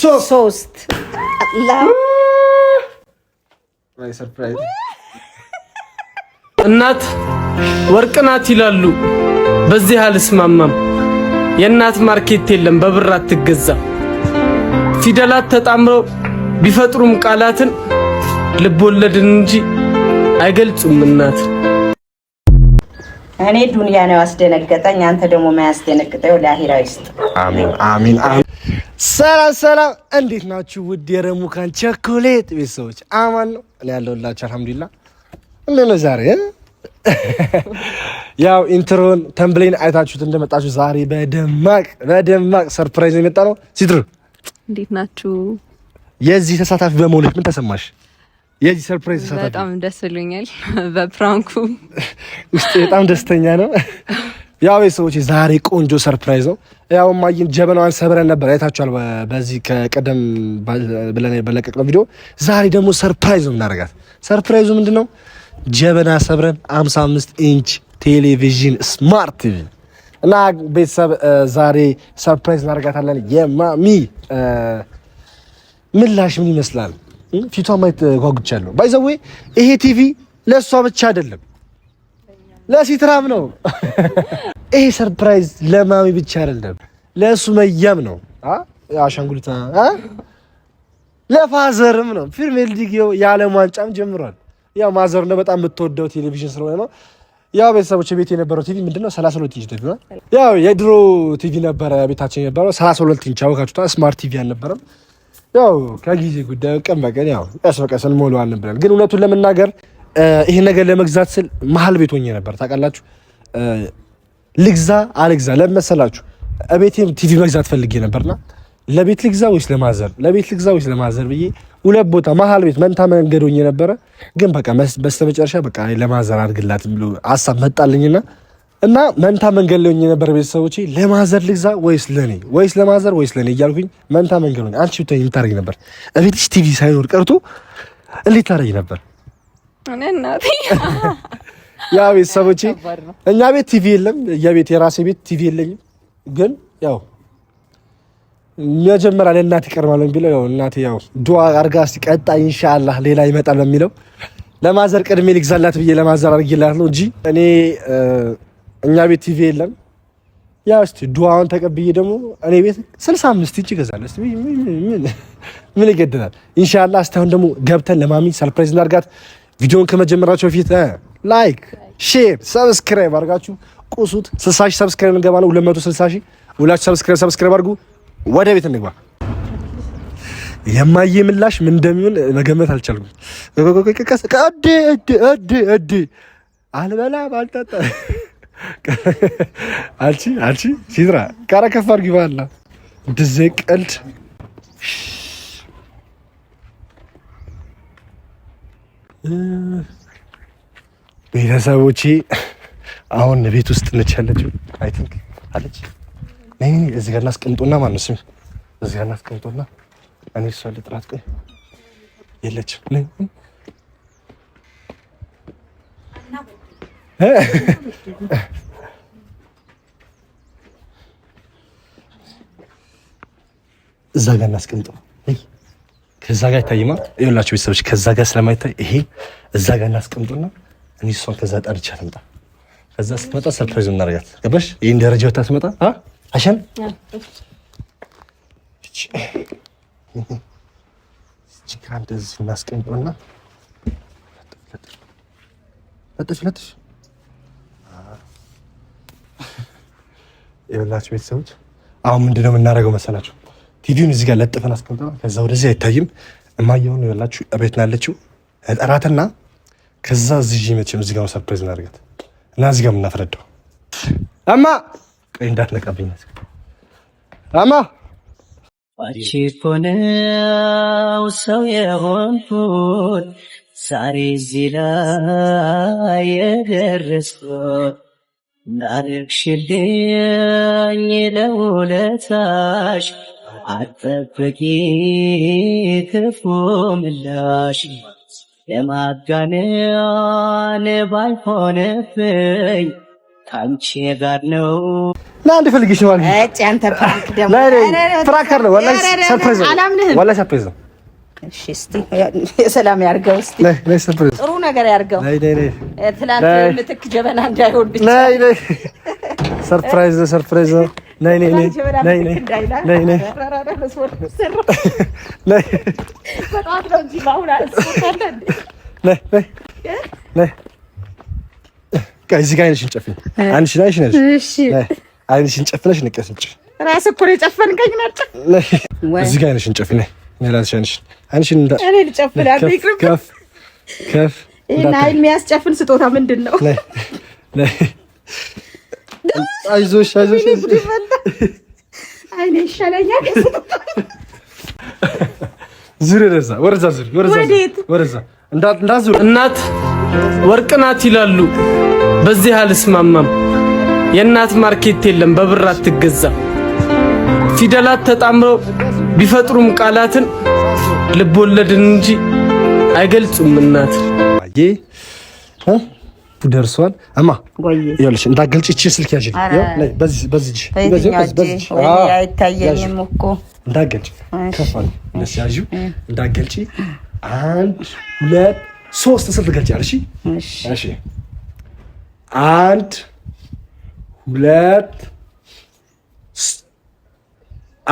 ሶስት እናት ወርቅ ናት ይላሉ። በዚህ አልስማማም። የእናት ማርኬት የለም በብር አትገዛ። ፊደላት ተጣምረው ቢፈጥሩም ቃላትን ልብ ወለድን እንጂ አይገልጹም እናት። እኔ ዱንያ ነው ያስደነገጠኝ። አንተ ደግሞ ማያስደነግጠው ለአኺራ ይስጥ። አሚን አሚን። ሰላም ሰላም፣ እንዴት ናችሁ? ውድ የረሙካን ቸኮሌት ቤተሰቦች አማን ነው እኔ ያለሁላችሁ አልሐምዱሊላ። እንዴት ነው ዛሬ? ያው ኢንትሮን ተምብሌን አይታችሁት እንደመጣችሁ ዛሬ በደማቅ በደማቅ ሰርፕራይዝ ነው የመጣ ነው። ሲትሩ እንዴት ናችሁ? የዚህ ተሳታፊ በመሆንሽ ምን ተሰማሽ? የዚህ ሰርፕራይዝ ተሳታፊ በጣም ደስ ብሎኛል። በፕራንኩ ውስጥ በጣም ደስተኛ ነው። ያው ሰዎች ዛሬ ቆንጆ ሰርፕራይዝ ነው። ያው ማይን ጀበናዋን ሰብረን ነበር አይታችኋል፣ በዚህ ከቀደም ብለን በለቀቅነው ቪዲዮ። ዛሬ ደግሞ ሰርፕራይዝ ነው የምናደርጋት። ሰርፕራይዙ ምንድን ነው? ጀበና ሰብረን 55 ኢንች ቴሌቪዥን ስማርት ቲቪ እና ቤተሰብ ዛሬ ሰርፕራይዝ እናደርጋታለን። የማሚ ምላሽ ምን ይመስላል? ፊቷ ማየት ጓጉቻለሁ። ባይዘዌ ይሄ ቲቪ ለእሷ ብቻ አይደለም ለሲትራም ነው። ይሄ ሰርፕራይዝ ለማሚ ብቻ አይደለም፣ ለሱመያም ነው። አሻንጉሊት ለፋዘርም ነው። ፕሪሚየር ሊግ የዓለም ዋንጫም ጀምሯል። ያው ማዘር ነው በጣም የምትወደው ቴሌቪዥን ስለሆነ ነው። ያው ቤተሰቦች ቤት የነበረው ቲቪ ምንድነው? 32 ኢንች ቲቪ ነው። ያው የድሮ ቲቪ ነበረ ቤታችን የነበረው 32 ኢንች አወቃችሁታ። ስማርት ቲቪ አልነበረም። ያው ከጊዜ ጉዳይ ቀን በቀን ያው ቀስ በቀስ እንሞላዋለን ብለን ግን እውነቱን ለመናገር ይሄን ነገር ለመግዛት ስል መሀል ቤት ሆኜ ነበር። ታውቃላችሁ ልግዛ አልግዛ ለመሰላችሁ እቤቴም ቲቪ መግዛት ፈልጌ ነበርና ለቤት ልግዛ ወይስ ለማዘር ለቤት ልግዛ ወይስ ለማዘር ብዬ ሁለት ቦታ መሀል ቤት መንታ መንገድ ሆኜ ነበረ። ግን በቃ በስተመጨረሻ በቃ ለማዘር አድርግላት ብሎ ሀሳብ መጣልኝና እና መንታ መንገድ ላይ ሆኜ ነበር። ቤተሰቦቼ ለማዘር ልግዛ ወይስ ለኔ ወይስ ለማዘር ወይስ ለኔ እያልኩኝ መንታ መንገድ ሆኜ አንቺ ብታይ የምታደርጊ ነበር። እቤትሽ ቲቪ ሳይኖር ቀርቶ እንዴት ታደርጊ ነበር? ያ ቤተሰቦቼ እኛ ቤት ቲቪ የለም። የቤት የራሴ ቤት ቲቪ የለኝም። ግን ያው መጀመሪያ ለእናት ይቀርባል የሚለው ያው እናቴ ያው ዱዓ አድርጋ ሲቀጣ ቀጣይ ሌላ ይመጣል በሚለው ለማዘር ቅድሜ ልግዛላት ብዬ ለማዘር አድርጌላት ነው እንጂ እኔ እኛ ቤት ቲቪ የለም። ያው እስቲ ዱዓውን ተቀብዬ ደግሞ እኔ ቤት 65 ኢንች ይገዛለሁ። ምን ይገድናል? ኢንሻአላህ እስቲ ደግሞ ገብተን ለማሚ ሰርፕራይዝ እናድርጋት። ቪዲዮን ከመጀመራችሁ በፊት ላይክ፣ ሼር፣ ሰብስክራይብ አድርጋችሁ ቁሱት። 60 ሺህ ሰብስክራይብ እንገባለን። 260 ሺህ ሁላችሁ ሰብስክራይብ ሰብስክራይብ አድርጉ። ወደ ቤት እንግባ። የማዬ ምላሽ ምን እንደሚሆን መገመት አልቻልኩም። አልበላ ባልጠጣ አልቺ አልቺ ሲድራ ካራ ከፋር ግባላ ባላ ቤተሰቦቼ አሁን ቤት ውስጥ ነች ያለችው። አይ ቲንክ አለች። ነይ ነይ፣ እዚህ ጋር እናስቀምጦና ማነው ስም እዚህ ጋር እናስቀምጦና እኔ እሷ ልጥራት። ቆይ የለችም። ነይ እዛ ጋር እናስቀምጠው ከዛ ጋር ይታይማ። ይኸውላችሁ ቤተሰቦች፣ ከዛ ጋር ስለማይታይ ይሄ እዛ ጋር እናስቀምጡና እኔ እሷን ከዛ ጠርቻ ትምጣ። ከዛ ስትመጣ ሰርፕራይዝ እናደርጋት። ገባሽ? ይህን ደረጃ ወታ ትመጣ አሸን ችግር እንደዚህ እናስቀምጠውና ለጥፍ ለጥፍ። የበላችሁ ቤተሰቦች አሁን ምንድነው የምናደርገው መሰላችሁ? ቲቪውን እዚህ ጋር ለጥፈን አስቀምጠናል። ከዛ ወደዚህ አይታይም። እማየውን ያላችሁ ቤት ያለችው። እጠራትና ከዛ እዚህ መቼም እዚህ ጋር ሰርፕራይዝ እናደርጋት እና እዚህ ጋር የምናፈረደው እማ ቀይ እንዳትነቀብኝ እማ ቋንቺ እኮ ነው ሰው የሆንኩት ዛሬ እዚህ ላይ የደረስኩት እንዳረግሽልኝ ለውለታሽ አጠበቂ ክፉ ምላሽ ለማጋነን ባይሆንብኝ ካንቺ ጋር ነው። ለአንድ ፈልግሽ ነው አልኩኝ። አንተ ፕራንከር ነው። ወላሂ ሰርፕራይዝ ነው። ወላሂ ሰርፕራይዝ ነው። እሺ እስቲ ሰላም ያርገው። እስቲ ጥሩ ነገር ያርገው። ትላንት ምትክ ጀበና እንዳይሆን ብቻ ሰርፕራይዝ ነው። ሰርፕራይዝ ነው። ነይ ነይ ነይ አይዞሽ አይዞሽ። አይኔ ይሻለኛል። ዙሪ ወደዛ ወደዛ ዙሪ ወደዛ እንዳዙሪ። እናት ወርቅ ናት ይላሉ፣ በዚህ አልስማማም። የእናት ማርኬት የለም በብር አትገዛም። ፊደላት ተጣምረው ቢፈጥሩም ቃላትን ልብ ወለድን እንጂ አይገልጹም እናት ደርሷል። እማ ይኸውልሽ፣ እንዳገልጭ እቺ ስልክ ያዥልኝ። በዚህ በዚህ እንዳገልጭ ነሽ ያዥ እንዳገልጭ። አንድ ሁለት ሶስት ስል ትገልጫለሽ። እሺ፣ አንድ ሁለት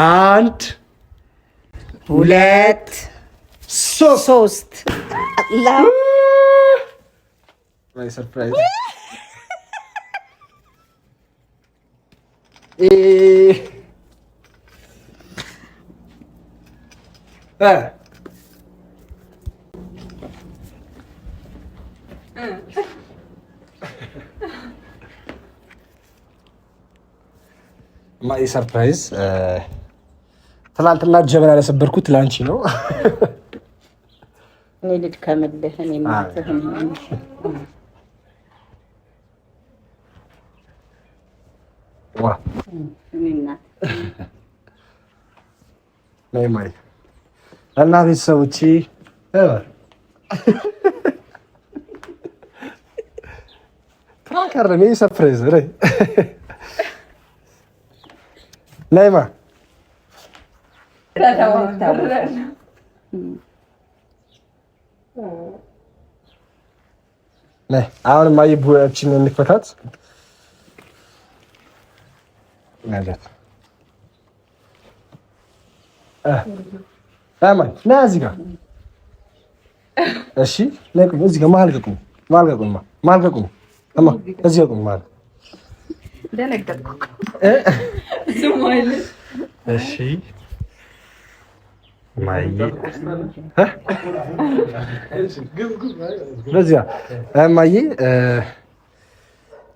አንድ ሁለት ሶስት ሰርፕራይዝ ማይ ሰርፕራይዝ ትላንትና ጀበና ያሰበርኩት ላንቺ ነው። እኔ ልድከምልህ እኔ ነይ ማይ እና ቤተሰቦቼ ፕራንከር ነው ሰርፕራይዝ ነይ ነይማ አሁን ማይ ቡያችን እንክፈታት ማለት አማን ና እዚህ ጋር እሺ፣ ላይ እዚህ ጋር መሀል ቁም። መሀል ቁም። መሀል ቁም። እማ እዚህ ጋር ቁም። መሀል እሺ ማይ በዚያ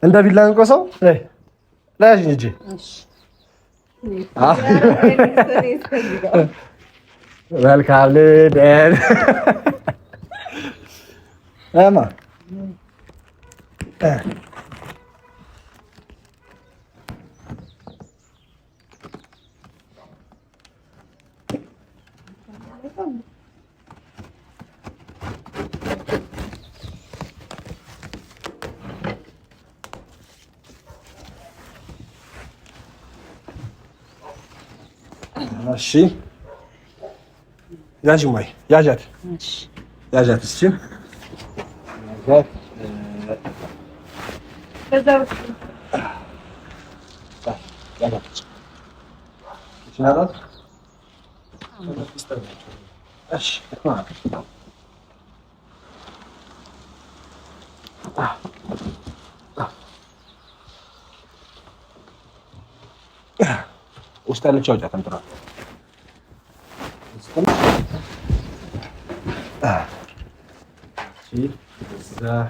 እንደ ቢላ እንቆሰው ላይ ላይ እንጂ welcome dad ఏమా እሺ ያዥ ማይ ያዣት ያዣት እሺ ውስጥ ያለችው አውጫት እንትን አለ دي السلاح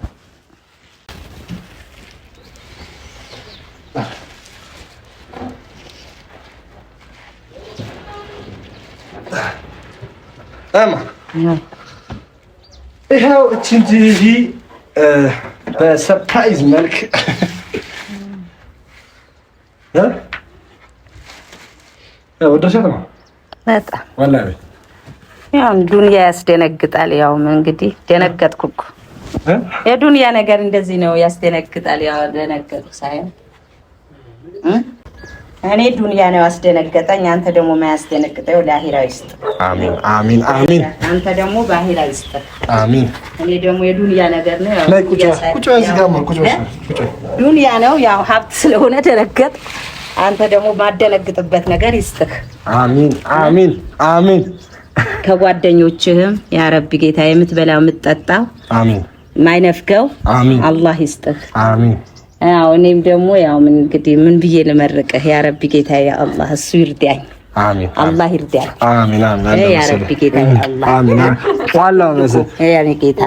اما نعم. ايه هاو تشنتي تنتهي آه، سبرايز مالك ها ها ودا ما لا نعم. والله بيه ያው ዱንያ ያስደነግጣል። ያውም እንግዲህ ደነገጥኩ እኮ የዱንያ ነገር እንደዚህ ነው፣ ያስደነግጣል። ያው ደነገጥኩ ሳይሆን እኔ ዱንያ ነው ያስደነገጠኝ። አንተ ደግሞ ማያስደነግጠው ለአኺራ ይስጥ። አሚን አሚን አሚን። አንተ ደግሞ በአኺራ ይስጥ። አሚን። እኔ ደግሞ የዱንያ ነገር ነው ያው ዱንያ ነው ያው ሀብት ስለሆነ ደነገጥ። አንተ ደግሞ ማደነግጥበት ነገር ይስጥህ። አሚን አሚን አሚን። ከጓደኞችህም ያረብ ጌታ የምትበላው የምትጠጣው ማይነፍገው አላህ ይስጥህ። አዎ እኔም ደግሞ ያው ምን እንግዲህ ምን ብዬ ልመርቅህ? ያረብ ጌታ አላህ እሱ ይርዳኝ። አላህ ይርዳኝ። ጌታ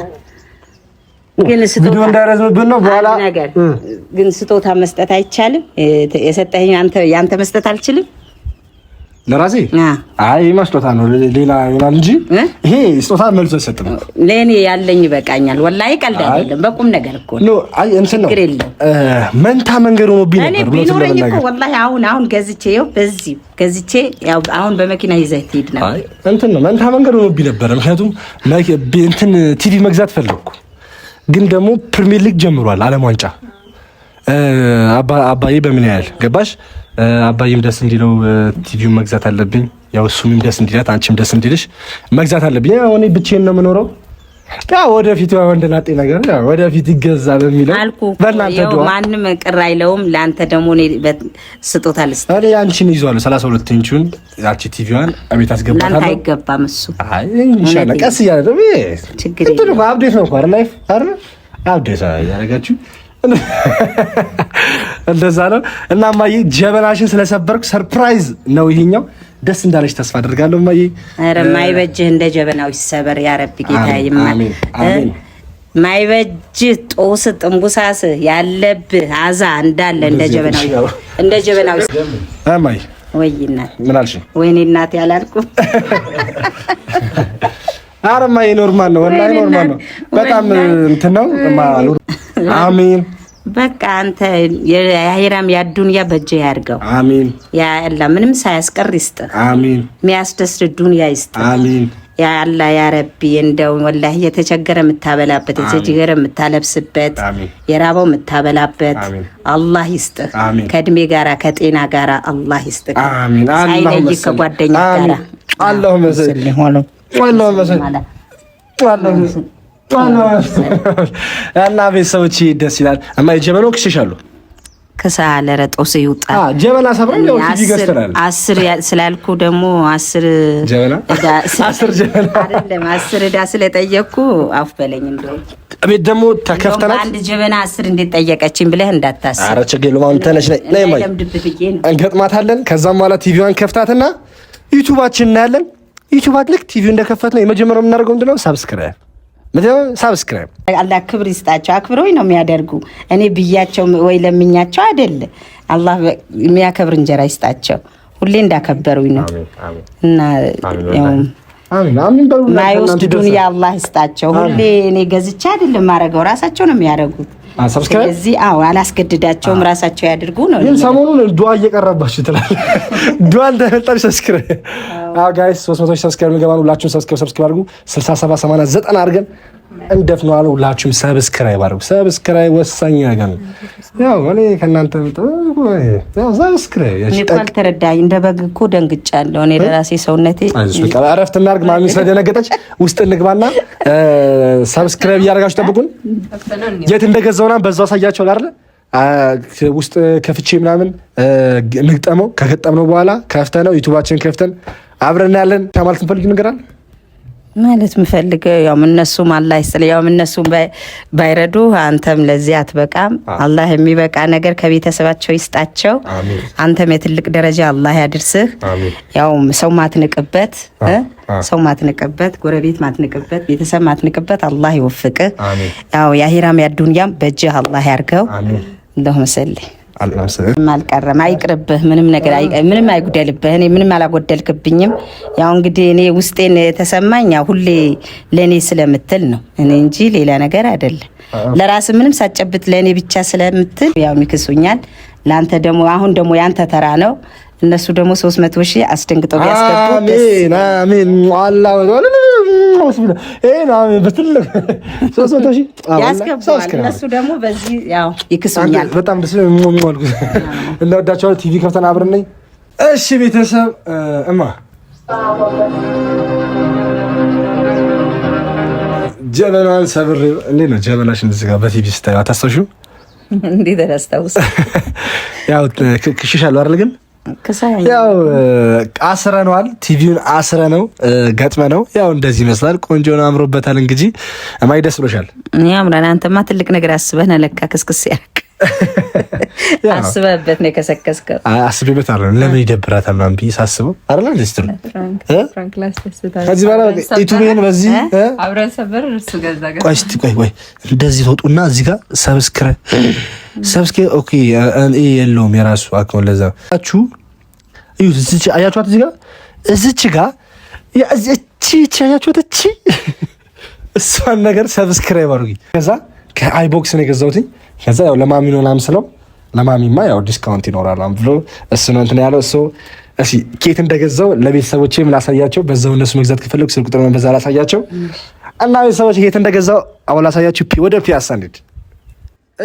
ግን ስጦታ እንዳይረዝምብን ነው። በኋላ ግን ስጦታ መስጠት አይቻልም። የሰጠኝ አንተ ያንተ መስጠት አልችልም። ለራሴ አይ ይሄ ነው፣ ሌላ ይሆናል እንጂ ይሄ ስጦታ መልሶ አይሰጥም። ለእኔ ያለኝ ይበቃኛል። ወላሂ ቀልድ አይደለም፣ በቁም ነገር እኮ ነው። አይ እንትን ነው መንታ መንገድ ሆኖብኝ ነበር ብሎ ቢኖረኝ እኮ ወላሂ አሁን አሁን ገዝቼ ይኸው በዚህ ገዝቼ ያው አሁን በመኪና ይዘህ ትሄድ ነበር። እንትን ነው መንታ መንገድ ሆኖብኝ ነበር። ምክንያቱም እንትን ቲቪ መግዛት ፈለግኩ፣ ግን ደግሞ ፕሪሚየር ሊግ ጀምሯል፣ ዓለም ዋንጫ አባዬ በምን ያህል ገባሽ? አባዬም ደስ እንዲለው ቲቪውን መግዛት አለብኝ። ያው እሱም ደስ እንዲላት፣ አንቺም ደስ እንዲልሽ መግዛት አለብኝ። ያው እኔ ብቻዬን ነው የምኖረው። ያው ወደፊት ያው እንደናጤ ነገር ያው ወደፊት ይገዛ በሚለው በእናንተ ዱአ ማንም ቅር አይለውም። ለአንተ ደግሞ እኔ ስጦታ ልስጥ እኔ አንቺን ይዟል 32 ኢንቹን ያቺ ቲቪዋን አቤት አስገባታለሁ። አይገባም እሱ። አይ ኢንሻአላ ቀስ እያለ ነው። ችግር የለም። አብዴት ነው እኮ አይደል? ላይፍ አይደል? አብዴት ያደረጋችሁ እንደዛ ነው እና እማዬ ጀበናሽን ስለሰበርኩ ሰርፕራይዝ ነው ይሄኛው። ደስ እንዳለች ተስፋ አደርጋለሁ እማዬ። ኧረ ማይበጅህ እንደ ጀበናው ይሰበር ያረብ ጌታ ይማል። ማይበጅህ ጦስ ጥንቡሳስ ያለብህ አዛ እንዳለ እንደ ጀበናው እንደ ጀበናው እማዬ። ወይ እናት ምን አልሽ? ወይኔ እናት ያላልኩ አረ እማዬ ኖርማል ነው ወላሂ ኖርማል ነው። በጣም እንትን ነው ማሉ አሚን። በቃ አንተ የአሄራም ያዱንያ በጀ ያድርገው። አሚን። ያ አላህ ምንም ሳያስቀር ይስጥ። አሚን። የሚያስደስት ዱንያ ይስጥ። ያ ያ ረቢ እንደው ወላሂ የተቸገረ የምታበላበት የተቸገረ የምታለብስበት የራበው የምታበላበት አላህ ይስጥህ። ከእድሜ ጋራ ከጤና ጋራ አላህ ይስጥህ። ሳይለይ ከጓደኛ ጋራ አላሁ አላሁ እና ቤተሰቦች ደስ ይላል። እማ የጀበናው ክስሽ አሉ ከሳለ ረጦስ ጀበና ሰብረን ያው አስር ስላልኩ ደግሞ አስር ጀበና አስር ጀበና አስር ስለጠየቅኩ አፍ በለኝ። እንደው ደግሞ ተከፍተናል። አንድ ጀበና አስር እንዴት ጠየቀችኝ ብለህ እንዳታስብ። ኧረ ችግር የለውም። አሁን ተነሽ ነይ ነይ ማይ እንገጥማታለን። ከዛም በኋላ ቲቪዋን ከፍታትና ዩቲዩባችን እናያለን። ዩቲዩባት ልክ ቲቪው እንደከፈት ነው የመጀመሪያው የምናደርገው ሳብስክራይብ አላህ ክብር ይስጣቸው። አክብረው ነው የሚያደርጉ። እኔ ብያቸው ወይ ለምኛቸው አይደለ። አላህ የሚያከብር እንጀራ ይስጣቸው። ሁሌ እንዳከበሩኝ ነው እና ማይወስድ ዱንያ አላህ ይስጣቸው። ሁሌ እኔ ገዝቼ አይደለም ማረገው፣ ራሳቸው ነው የሚያደርጉት። ስለዚህ አላስገድዳቸውም፣ ራሳቸው ያድርጉ ነው። ሰሞኑን ዱዓ እየቀረባችሁ ትላለህ። ዱዓ እንዳይመጣ ሰብስክራይብ ጋይስ 300 ሺህ ሰብስክራይብ ገባ። ሁላችሁም ሰብስክራይብ አድርጉ። 67 80 90 አድርገን እንደፍነዋል። ሁላችሁም ሰብስክራይብ አድርጉ። ሰብስክራይብ ወሳኝ ነገር ነው። ያው እኔ ከእናንተ ተረዳኝ። እንደ በግ እኮ ደንግጫለሁ እኔ ለራሴ ሰውነቴ። እረፍት እናድርግ። ማሚ ስለደነገጠች ውስጥ እንግባና ሰብስክራይብ እያደረጋችሁ ጠብቁን። የት በዛው አሳያቸው ውስጥ ከፍቼ ምናምን ንግጠመው ከገጠምነው በኋላ ከፍተነው ዩቱባችን ከፍተን አብረን ያለን ሻማል ምፈልግ ንገራል ማለት ምፈልግ ያው እነሱም አላህ ይስል ያው እነሱ ባይረዱ አንተም ለዚህ አትበቃም። አላህ የሚበቃ ነገር ከቤተሰባቸው ይስጣቸው። አንተም የትልቅ ደረጃ አላህ ያድርስህ። ያው ሰው ማትንቅበት ሰው ማትንቅበት፣ ጎረቤት ማትንቅበት፣ ቤተሰብ ማትንቅበት አላህ ይወፍቅህ። ያው የአሂራም ያዱንያም በእጅህ አላህ ያርገው። እንደሁ መሰለኝ አልቀረም። አይቅርብህ፣ ምንም ነገር ምንም አይጉደልብህ። እኔ ምንም አላጎደልክብኝም። ያው እንግዲህ እኔ ውስጤን የተሰማኝ ያው ሁሌ ለእኔ ስለምትል ነው እኔ እንጂ ሌላ ነገር አይደለም። ለራስ ምንም ሳጨብት ለእኔ ብቻ ስለምትል ያው ይክሱኛል። ለአንተ ደግሞ አሁን ደግሞ ያንተ ተራ ነው እነሱ ደግሞ ሶስት መቶ ሺህ አስደንግጠው ቢያስገቡ እነሱ ደግሞ በዚህ በጣም ደስ ቲቪ ከፍተን አብረን ነኝ። እሺ ቤተሰብ እማ ጀበናን ሰብር ነው ጀበናሽ? እንደዚህ ጋር በቲቪ ስታዩ አታስተውሽም? እንዴት አላስታውስም። ያው ክሽሻለሁ አይደል ግን ያው አስረነዋል። ቲቪውን አስረ ነው ገጥመ ነው። ያው እንደዚህ ይመስላል። ቆንጆ ነው፣ አምሮበታል። እንግዲህ እማይ ደስ ብሎሻል? ያምራል። አንተማ ትልቅ ነገር አስበህ ነው ለካ ክስክስ ያቅ አስበህበት ነው የከሰከስከው። አስቤበት አለ ለምን ይደብራታል ምናምን ብዬሽ ሳስበው አይደለ እንደ ከዚህ በኋላ ኢቱቤን በዚህ ቆይ ቆይ እንደዚህ ተወጡና እዚህ ጋር ሰብስክረ ሰብስክ ኦኬ የለውም የራሱ አክመን ለዛ ችሁ እዩት። አያችኋት እዚህ ጋር እዚች ጋር እቺ እቺ አያችኋት እቺ እሷን ነገር ሰብስክራይብ አድርጊ። ከዛ ከአይቦክስ ነው የገዛሁትኝ። ከዛ ያው ለማሚኖ ላም ስለው ለማሚማ ያው ዲስካውንት ይኖራል ብሎ እሱ ነው እንትን ያለው እሱ እሺ ኬት እንደገዛው ለቤተሰቦቼም ላሳያቸው። በዛው እነሱ መግዛት ከፈለጉ ስልክ ቁጥር በዛ ላሳያቸው እና ቤተሰቦች ኬት እንደገዛው አሁን ላሳያችሁ። ወደ ፒያሳ እንሂድ።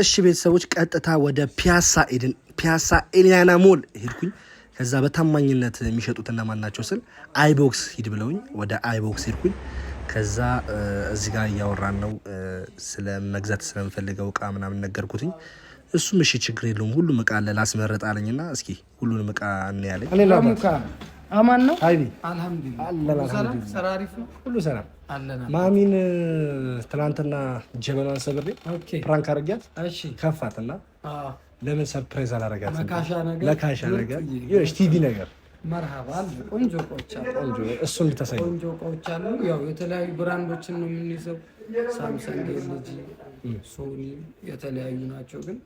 እሺ ቤተሰቦች ቀጥታ ወደ ፒያሳ ኤድን ፒያሳ ኤሊያና ሞል ሄድኩኝ። ከዛ በታማኝነት የሚሸጡት እነማን ናቸው ስል አይቦክስ ሂድ ብለውኝ ወደ አይቦክስ ሄድኩኝ። ከዛ እዚህ ጋር እያወራን ነው ስለ መግዛት ስለምፈልገው እቃ ምናምን ነገርኩትኝ። እሱም እሺ ችግር የለውም ሁሉም እቃ አለ ላስመረጥ አለኝና እስኪ ሁሉንም እቃ እናያለኝ። አማን ነው ሁሉ አልሐምዱሊላህ። ማሚን ትናንትና ጀበናን ሰብሬ ፕራንክ አድርጊያት ከፋትና ለምን ሰርፕራይዝ አላረጋትም? ለካሻ ነገር ቲቪ ነገር መርሃባ አሉ። ቆንጆ እቃዎች አሉ። እሱ እንድታሳይ ቆንጆ እቃዎች አሉ። ያው የተለያዩ ብራንዶችን ነው የምንይዘው። ሳምሰንግ፣ ኤልጂ፣ ሶኒ የተለያዩ ናቸው። ግን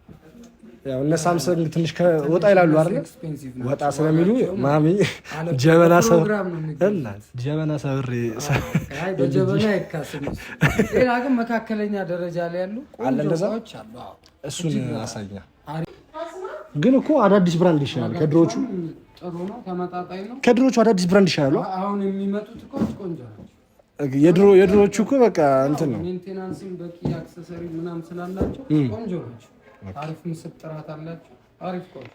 ያው እነ ሳምሰንግ ትንሽ ወጣ ይላሉ አይደል? ወጣ ስለሚሉ ማሚ ጀበና ጀበና ሰብሬ በጀበና አይካስም። ሌላ ግን መካከለኛ ደረጃ ላይ ያሉ ቆንጆ እቃዎች አሉ። እሱን አሳያ። ግን እኮ አዳዲስ ብራንድ ይሻላል ከድሮቹ ጥሩ ነው፣ ተመጣጣኝ ነው። ከድሮቹ አዳዲስ ብራንድ ይሻላሉ። አሁን የሚመጡት እኮ ቆንጆ ናቸው። የድሮ የድሮቹ እኮ በቃ እንትን ነው። ሜንቴናንስም በቂ አክሰሰሪ ምናምን ስላላቸው ቆንጆ ናቸው። አሪፍ ምስል ጥራት አላቸው። አሪፍ ቆንጆ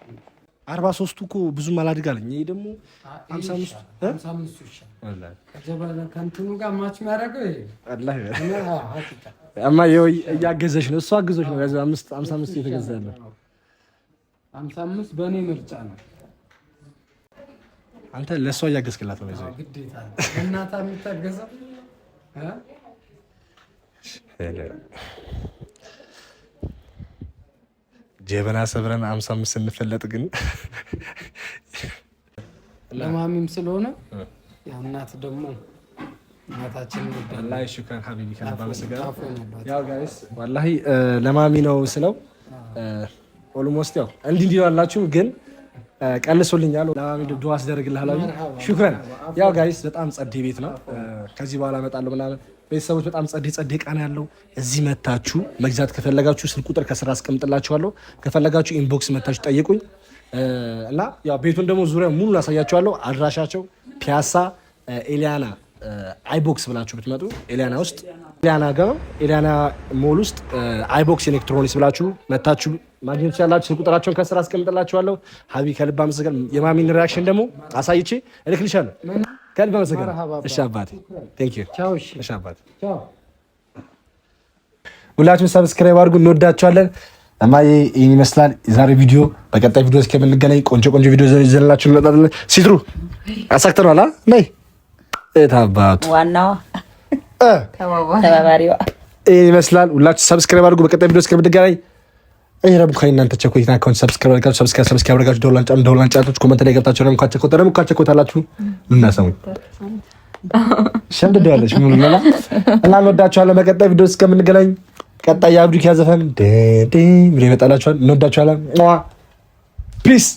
አርባ ሶስቱ እኮ ብዙም አላድግ አለኝ። ይሄ ደግሞ ከእንትኑ ጋር ማች የሚያደርገው እያገዘች ነው፣ እሱ አግዞሽ ነው። ሀምሳ አምስት የተገዛለ አምሳ አምስት በእኔ ምርጫ ነው። አንተ ለእሷ እያገዝክላት ነው። እናታ ጀበና ሰብረን አምሳ አምስት ስንፈለጥ ግን ለማሚም ስለሆነ እናት ደግሞ ለማሚ ነው ስለው ኦልሞስት ያው እንዲህ እንዲህ ያላችሁ ግን ቀንሶልኛል። ዱዓ አስደርግልሃል። ሹክረን። ያው ጋይስ በጣም ጸዴ ቤት ነው። ከዚህ በኋላ እመጣለሁ ምናምን ቤተሰቦች በጣም ጸዴ ጸዴ ቃና ያለው እዚህ መታችሁ መግዛት ከፈለጋችሁ ስልክ ቁጥር ከስራ አስቀምጥላችኋለሁ። ከፈለጋችሁ ኢንቦክስ መታችሁ ጠይቁኝ እና ያው ቤቱን ደግሞ ዙሪያ ሙሉ አሳያችኋለሁ። አድራሻቸው ፒያሳ ኤሊያና አይቦክስ ብላችሁ ብትመጡ ኤሊያና ውስጥ ኤሊያና ጋ ኤሊያና ሞል ውስጥ አይቦክስ ኤሌክትሮኒክስ ብላችሁ መታችሁ ማግኘት ትችላላችሁ። ስልክ ቁጥራቸውን ከስር አስቀምጥላችኋለሁ። ሀቢ ከልብ አመሰግን። የማሚን ሪያክሽን ደግሞ አሳይቼ እልክልሻለሁ። ከልብ አመሰግን። እሺ አባቴ ቴንክ እሺ አባቴ ሁላችሁን ሰብስክራይብ አድርጉ። እንወዳችኋለን። እማዬ ይህን ይመስላል የዛሬ ቪዲዮ። በቀጣይ ቪዲዮ እስከምንገናኝ ቆንጆ ቆንጆ ቪዲዮ ይዘንላችሁ እንመጣለን። ሲትሩ አሳክተነዋል። ነይ እት አባቱ ዋናዋ ይመስላል። ሁላችሁ ሰብስክራይብ አድርጉ። በቀጣይ ቪዲዮ እስከምንገናኝ ሰብስክራይብ አድርጋችሁ ሰብስክራይብ አድርጋችሁ አንጫ አንጫቶች ኮመንት ላይ ገብታችሁ ደግሞ ደግሞ ሙሉ እና እንወዳችኋለን። በቀጣይ ቪዲዮ እስከምንገናኝ ቀጣይ የአብዱኪያ ዘፈን ብሎ ይመጣላችኋል። እንወዳችኋለን። ፒስ